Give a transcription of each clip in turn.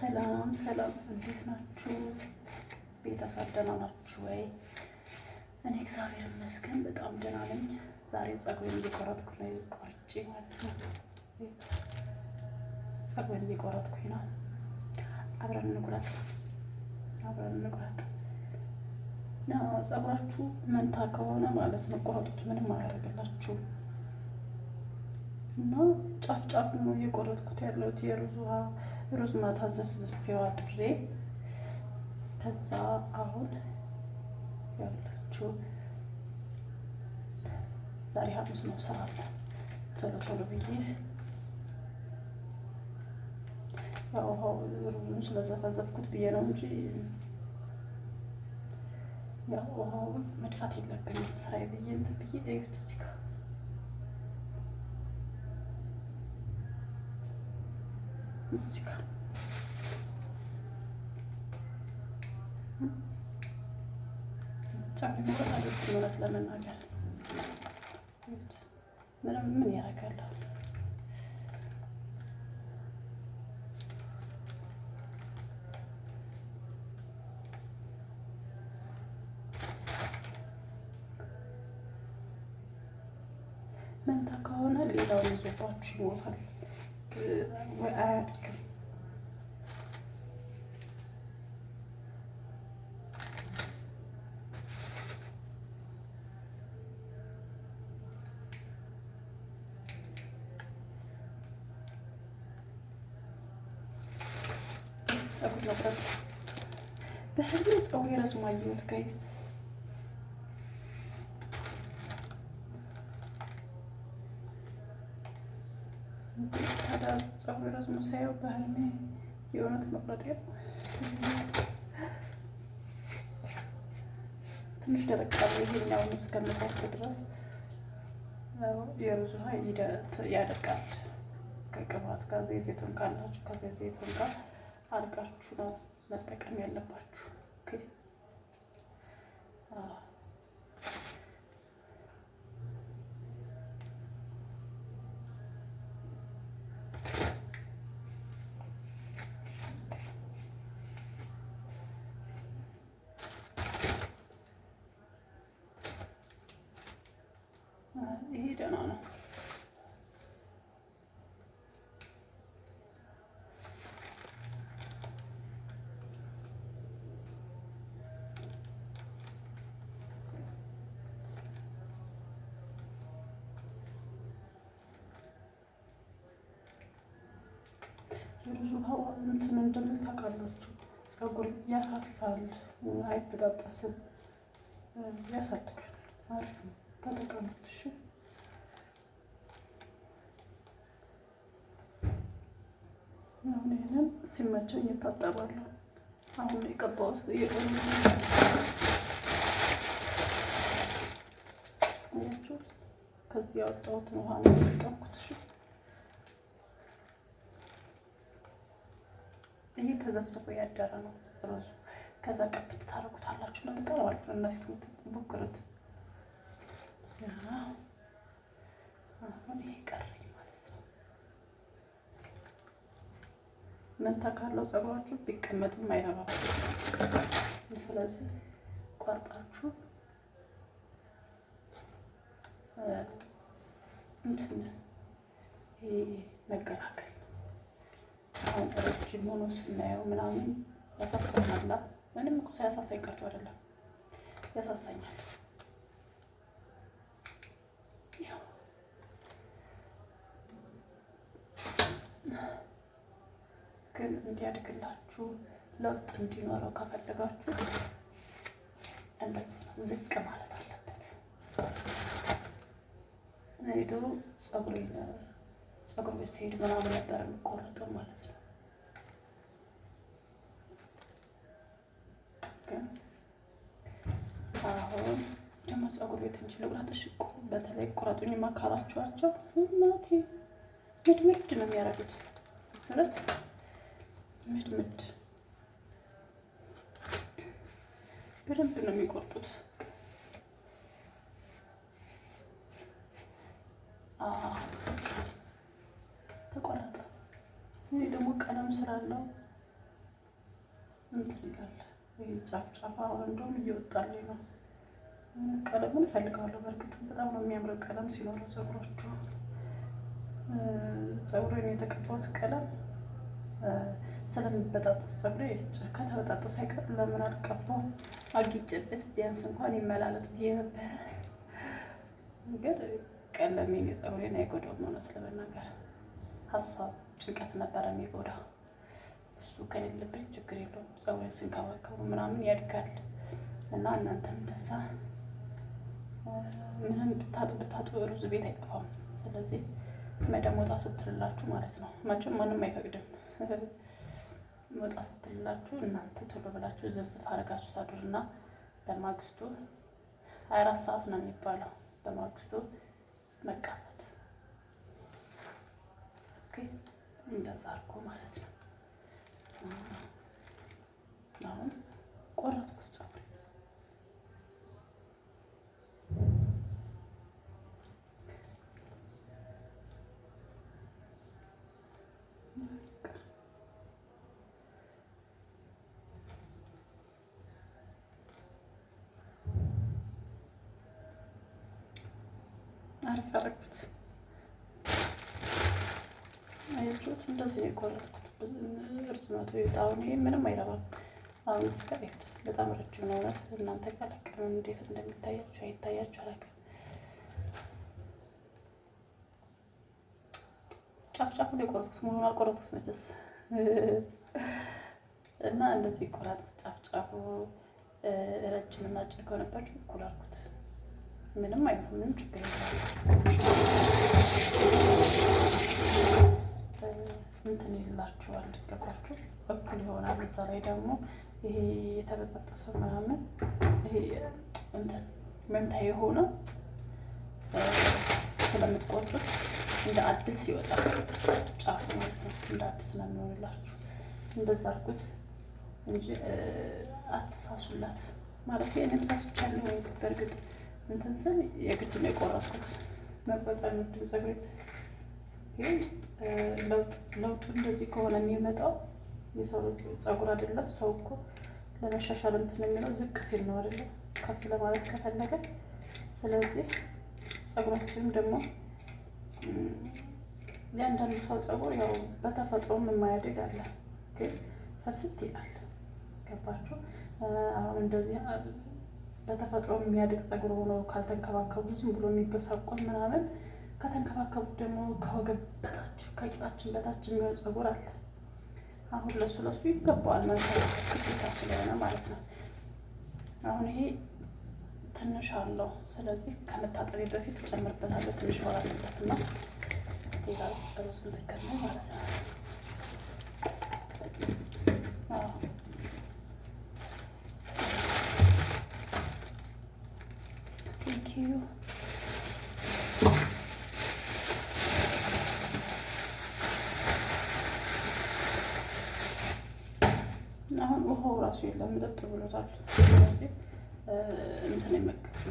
ሰላም ሰላም፣ እንዴት ናችሁ ቤተሰብ? ደህና ናችሁ ወይ? እኔ እግዚአብሔር ይመስገን በጣም ደህና ነኝ። ዛሬ ጸጉሬን እየቆረጥኩ ነው፣ ቆርጬ ማለት ነው። ጸጉሬን እየቆረጥኩኝ ነው። አብረን እንቁረጥ፣ አብረን እንቁረጥ። ጸጉራችሁ መንታ ከሆነ ማለት ነው ቆረጡት፣ ምንም አያደርግላችሁ እና ጫፍ ጫፍ ነው እየቆረጥኩት ያለሁት የሩዝ ውሃ ሩዝ ማታ ዘፍዝፌው አድሬ ከዛ አሁን ያላችሁ ዛሬ ሐሙስ ነው ስራ አለ ቶሎ ቶሎ ብዬ ውሃው ሩዙን ስለዘፈዘፍኩት ብዬ ነው እንጂ ያው ውሃውን መድፋት የለብኝም ስራዬ ብዬ እንትን ብዬ እዩት እዚህ ጋር እዚህ ጋር ጻፍ ማለት ለመናገር ምንም ምን ያደርጋል? መንታ ከሆነ ሌላውን ይዞባችሁ ይሞታል። add. Behind me, it's only a small youth, guys. ሳየው በሀይሜ የእውነት መቁረጤ ነው። ትንሽ ደረቅ ያለ ይሄኛውን እስከምታውቅ ድረስ የሩዙ ሂደት ያደርጋል ከቅባት ጋር ዘይቱን ካላችሁ ከዘይቱን ጋር አድርጋችሁ ነው መጠቀም ያለባችሁ። ደህና ነው። የብዙ ውሃ እንትን ታውቃላችሁ፣ ፀጉር ያፋፋል፣ አይበጣጠስም፣ ያሳድጋል። አሪፍ ነው። ተጠቀሙት እሺ። አሁን ይህንን ሲመቸኝ ይታጠባሉ አሁን የቀባሁት ከዚህ ያወጣሁትን ውሃ ነው እሺ ይህ ተዘፍዝፎ ያደረ ነው ራሱ። ከዛ ቀብት ታደርጉታላችሁ እና በጣም አሪፍ ነው። እናቴ አሁን ይሄ ቀረ ምንተካለው ካለው ጸጉራችሁ ቢቀመጥም አይረባም። ስለዚህ ቆርጣችሁ እንትን መከላከል አሁን ረጅም ሆኖ ስናየው ምናምን ያሳሰናላ። ምንም እኮ ሳያሳሳ ይቀርቱ አይደለም፣ ያሳሳኛል። ግን እንዲያድግላችሁ ለውጥ እንዲኖረው ከፈለጋችሁ እንደዚህ ነው፣ ዝቅ ማለት አለበት። እኔ ድሮ ፀጉሬን ፀጉር ቤት ሲሄድ ምናምን ነበር የምቆረጠው ማለት ነው። ግን አሁን ደግሞ ፀጉር ቤት እንችል ብላት ሽቁ በተለይ ቁረጡኝ ማካላችኋቸው ምናቴ ምድምድ ነው የሚያደርጉት ማለት ምድ ምድ በደንብ ነው የሚቆርጡት። ተቆረጠ። ይህ ደግሞ ቀለም ስላለው እንትን ይላል። ይህ ጫፍ ጫፍ አሁን እንደውም እየወጣልኝ ነው። ቀለሙን እፈልጋለሁ። በእርግጥ በጣም ነው የሚያምረው ቀለም ሲኖረው ፀጉራችሁ። ፀጉሬን የተቀባሁት ቀለም ስለሚበጣጠስ ጸጉሬ ከተበጣጠስ አይቀርም ለምን አልቀባው አጊጬበት ቢያንስ እንኳን ይመላለጥ ብዬ ነበረ። ነገር ቀለሜን የጸጉሬን አይጎዳውም። እውነት ለመናገር ሀሳብ ጭንቀት ነበረ የሚጎዳው። እሱ ከሌለብኝ ችግር የለውም። ፀጉሬን ስንከባከቡ ምናምን ያድጋል እና እናንተም እንደዛ ምንም ብታጡ ብታጡ ሩዝ ቤት አይጠፋም። ስለዚህ መደሞጣ ስትልላችሁ ማለት ነው መቼም ማንም አይፈቅድም። ወጣ ስትልላችሁ እናንተ ቶሎ ብላችሁ ዝብዝፍ አድርጋችሁ ታድሩና በማግስቱ አራት ሰዓት ነው የሚባለው። በማግስቱ መቃፈት እንደዛ አድርጎ ማለት ነው። አሁን ቆረጥኩት ፀጉር አሪፍ አደረኩት። አያችሁት? እንደዚህ ነው የቆረጥኩት። ርዝመቱ አሁን ይሄ ምንም አይረባም። አሁን እዚህ ጋር ይሁት በጣም ረጅም ነው እውነት። እናንተ ቀለቀም እንዴት እንደሚታያችሁ አይታያችሁ አላውቅም። ጫፍ ጫፉን የቆረጥኩት ሙሉን አልቆረጥኩት መቼስ እና እንደዚህ ቆራጥኩት ጫፍ ጫፉ ረጅም እና አጭር ከሆነባችሁ እኩል አልኩት። ምንም አይሆን ምንም ችግር እንትን ይላችኋል ገባችሁ? እኩል ይሆናል። እዛ ላይ ደግሞ ይሄ የተበጠበሰው ምናምን ይሄ እንትን መንታ የሆነ ስለምትቆጡት እንደ አዲስ ይወጣል ጫፉ ማለት ነው። እንደ አዲስ ነው የሚሆንላችሁ። እንደዛ አድርጉት እንጂ አትሳሱላት ማለት ይህንም ሳስቻለሁ በእርግጥ እንትን ስል የግድ ነው የቆረጥኩት። መቆጠር ምድም ፀጉሬ ግን ለውጡ እንደዚህ ከሆነ የሚመጣው የሰው ፀጉር አይደለም። ሰው እኮ ለመሻሻል እንትን የሚለው ዝቅ ሲል ነው አይደለም፣ ከፍ ለማለት ከፈለገ። ስለዚህ ፀጉራችንም ደግሞ የአንዳንድ ሰው ፀጉር ያው በተፈጥሮም የማያድግ አለ፣ ግን ከፍት ይላል። ገባችሁ አሁን እንደዚህ በተፈጥሮ የሚያድግ ጸጉር ሆኖ ካልተንከባከቡ ዝም ብሎ የሚበሳቆል ምናምን ከተንከባከቡት ደግሞ ከወገብ በታች ከቂጣችን በታች የሚሆን ጸጉር አለ። አሁን ለሱ ለሱ ይገባዋል መንከባከብ ስለሆነ ማለት ነው። አሁን ይሄ ትንሽ አለው። ስለዚህ ከመታጠቤ በፊት ጨምርበታለሁ። ትንሽ ነው። ሌላ ሩዝ ምትከል ነው ማለት ነው። ራሱ የለም ጥጥ ብሎታል። እንትን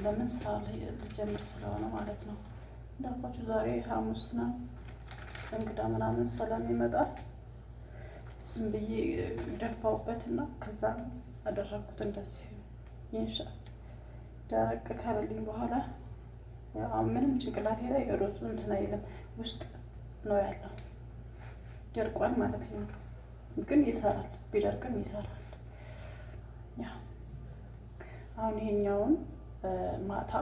ለምን ስራ ላይ ልጀምር ስለሆነ ማለት ነው። እንዳልኳችሁ ዛሬ ሐሙስ ነው። እንግዳ ምናምን ሰላም ይመጣል። ዝም ብዬ ደፋውበት ከዛ አደረግኩት እንደዚህ ይንሻ ደረቅ ካለልኝ በኋላ ምንም ጭንቅላቴ ላይ ሮዙ እንትን አይልም ውስጥ ነው ያለው ደርቋል ማለት ነው። ግን ይሰራል፣ ቢደርቅም ይሰራል። አሁን ይሄኛውን ማታ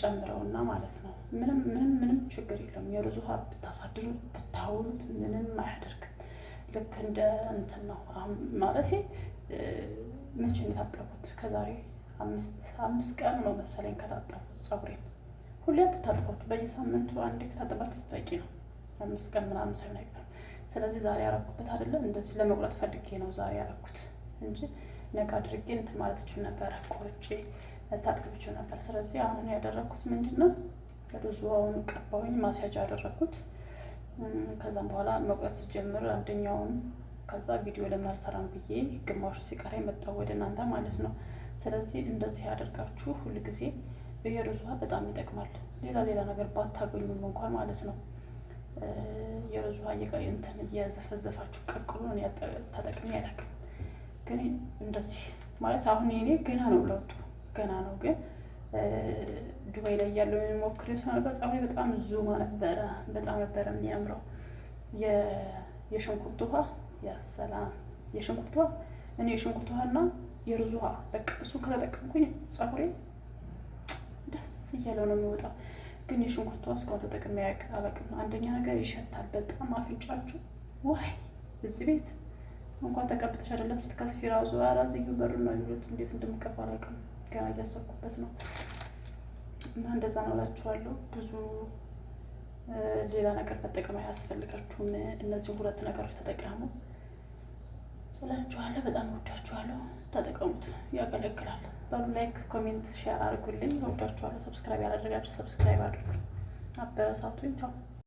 ጨምረውና ማለት ነው። ምንም ምንም ምንም ችግር የለም። የሩዝ ውሃ ብታሳድሩት ብታውሉት ምንም አያደርግም። ልክ እንደ እንትን ነው ማለት መቼ የታጠቡት? ከዛሬ አምስት ቀን ነው መሰለኝ ከታጠቡት። ፀጉሬን ሁሌ አትታጥቡት፣ በየሳምንቱ አንዴ ከታጠባችሁ በቂ ነው። አምስት ቀን ምናምን ሳይሆን አይቀርም። ስለዚህ ዛሬ ያረኩበት አይደለም እንደዚህ ለመቁረጥ ፈልጌ ነው ዛሬ ያረኩት። እንጂ ነቃ አድርጌ እንትን ማለት እችል ነበረ፣ ቆርጬ ታጥብችው ነበር። ስለዚህ አሁን ያደረግኩት ምንድን ነው ሩዙውን ቀባሁኝ፣ ማስያጅ አደረግኩት። ከዛም በኋላ መቁረት ስጀምር አንደኛውን ከዛ ቪዲዮ ለምን አልሰራም ብዬ ግማሹ ሲቀራ የመጣው ወደ እናንተ ማለት ነው። ስለዚህ እንደዚህ ያደርጋችሁ ጊዜ የሩዝ ውሃ በጣም ይጠቅማል። ሌላ ሌላ ነገር ባታገኙም እንኳን ማለት ነው የሩዝ ውሃ እንትን እየዘፈዘፋችሁ ቀቅሎ ተጠቅሜ አላውቅም። ግን እንደዚህ ማለት አሁን የኔ ገና ነው ለውጡ ገና ነው። ግን ዱባይ ላይ ያለው ሞክር ነበር። ፀጉሬ በጣም ዙማ ነበረ፣ በጣም ነበረ የሚያምረው። የሽንኩርት ውሃ ያሰላም፣ የሽንኩርት ውሃ እኔ የሽንኩርት ውሃ ውሃና የሩዝ ውሃ በቃ እሱ ከተጠቀምኩኝ ፀጉሬ ደስ እያለው ነው የሚወጣው። ግን የሽንኩርት ውሃ እስካሁን ተጠቅሜ አላውቅም። አንደኛ ነገር ይሸታል በጣም አፍንጫችሁ ዋይ እዚህ ቤት እንኳን ተቀብተሽ አይደለም ስትከስፊ ራሱ አራዘዩ በር ነው ይሉት እንዴት እንደምቀባ ገና እያሰብኩበት ነው እና እንደዛ ነው እላችኋለሁ። ብዙ ሌላ ነገር መጠቀም አያስፈልጋችሁም። እነዚህ ሁለት ነገሮች ተጠቀሙ እላችኋለሁ። በጣም ወዳችኋለሁ። ተጠቀሙት፣ ያገለግላል። በሉ ላይክ፣ ኮሜንት፣ ሼር አድርጉልኝ። ወዳችኋለሁ። ሰብስክራይብ ያላደረጋችሁ ሰብስክራይብ አድርጉ። አበረሳቱኝ። ቻው